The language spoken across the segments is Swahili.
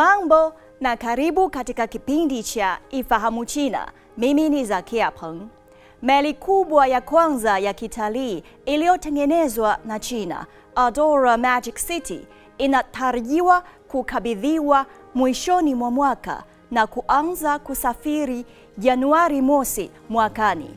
Mambo na karibu katika kipindi cha Ifahamu China. Mimi ni Zakia Peng. Meli kubwa ya kwanza ya kitalii iliyotengenezwa na China, Adora Magic City, inatarajiwa kukabidhiwa mwishoni mwa mwaka na kuanza kusafiri Januari mosi mwakani.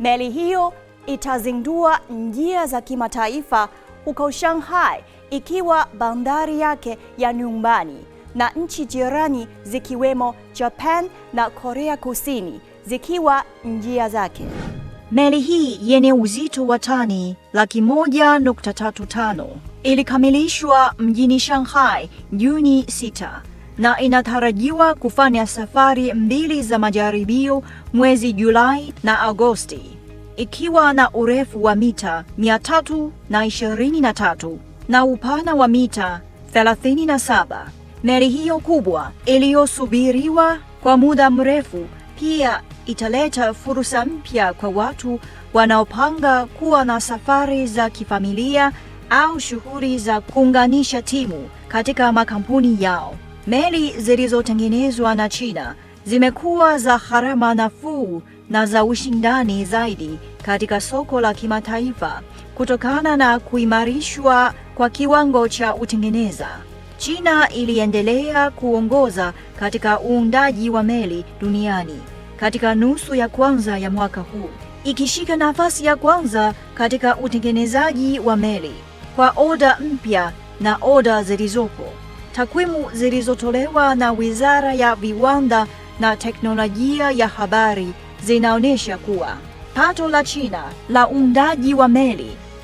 Meli hiyo itazindua njia za kimataifa huko Shanghai ikiwa bandari yake ya nyumbani na nchi jirani zikiwemo Japan na Korea Kusini zikiwa njia zake. Meli hii yenye uzito wa tani laki moja nukta tatu tano ilikamilishwa mjini Shanghai Juni 6 na inatarajiwa kufanya safari mbili za majaribio mwezi Julai na Agosti, ikiwa na urefu wa mita 323 na, na upana wa mita 37. Meli hiyo kubwa iliyosubiriwa kwa muda mrefu pia italeta fursa mpya kwa watu wanaopanga kuwa na safari za kifamilia au shughuli za kuunganisha timu katika makampuni yao. Meli zilizotengenezwa na China zimekuwa za gharama nafuu na za ushindani zaidi katika soko la kimataifa kutokana na kuimarishwa kwa kiwango cha utengeneza China iliendelea kuongoza katika uundaji wa meli duniani katika nusu ya kwanza ya mwaka huu, ikishika nafasi ya kwanza katika utengenezaji wa meli kwa oda mpya na oda zilizopo. Takwimu zilizotolewa na Wizara ya Viwanda na Teknolojia ya Habari zinaonyesha kuwa pato la China la uundaji wa meli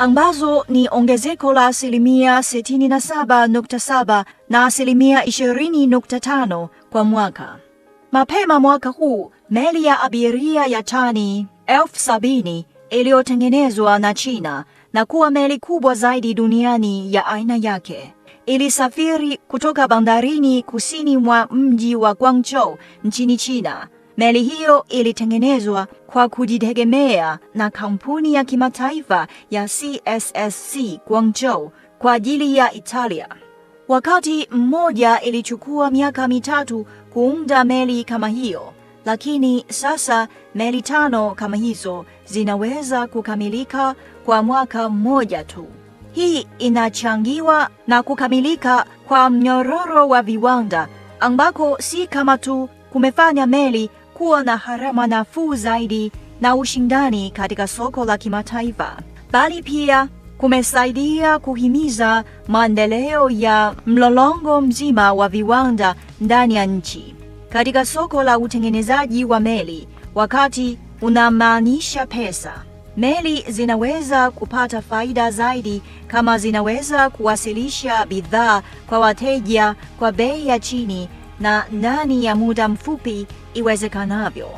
ambazo ni ongezeko la asilimia 67.7 na asilimia 20.5 kwa mwaka. Mapema mwaka huu meli ya abiria ya tani elfu sabini iliyotengenezwa na China na kuwa meli kubwa zaidi duniani ya aina yake ilisafiri kutoka bandarini kusini mwa mji wa Guangzhou nchini China Meli hiyo ilitengenezwa kwa kujitegemea na kampuni ya kimataifa ya CSSC Guangzhou kwa ajili ya Italia. Wakati mmoja ilichukua miaka mitatu kuunda meli kama hiyo, lakini sasa meli tano kama hizo zinaweza kukamilika kwa mwaka mmoja tu. Hii inachangiwa na kukamilika kwa mnyororo wa viwanda ambako si kama tu kumefanya meli kuwa na gharama nafuu zaidi na ushindani katika soko la kimataifa, bali pia kumesaidia kuhimiza maendeleo ya mlolongo mzima wa viwanda ndani ya nchi katika soko la utengenezaji wa meli. Wakati unamaanisha pesa, meli zinaweza kupata faida zaidi kama zinaweza kuwasilisha bidhaa kwa wateja kwa bei ya chini na ndani ya muda mfupi iwezekanavyo.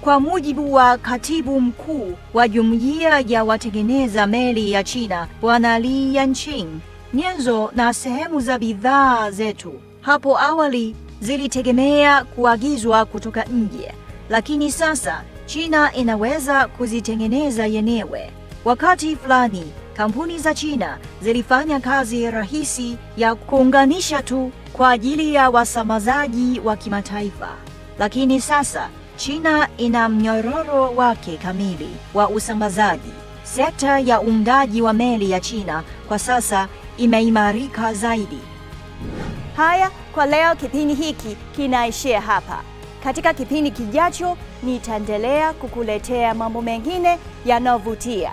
Kwa mujibu wa katibu mkuu wa jumuiya ya watengeneza meli ya China, Bwana Li Yanqing, nyenzo na sehemu za bidhaa zetu hapo awali zilitegemea kuagizwa kutoka nje, lakini sasa China inaweza kuzitengeneza yenyewe. Wakati fulani kampuni za China zilifanya kazi rahisi ya kuunganisha tu kwa ajili ya wasambazaji wa kimataifa, lakini sasa China ina mnyororo wake kamili wa usambazaji. Sekta ya uundaji wa meli ya China kwa sasa imeimarika zaidi. Haya kwa leo, kipindi hiki kinaishia hapa. Katika kipindi kijacho, nitaendelea kukuletea mambo mengine yanayovutia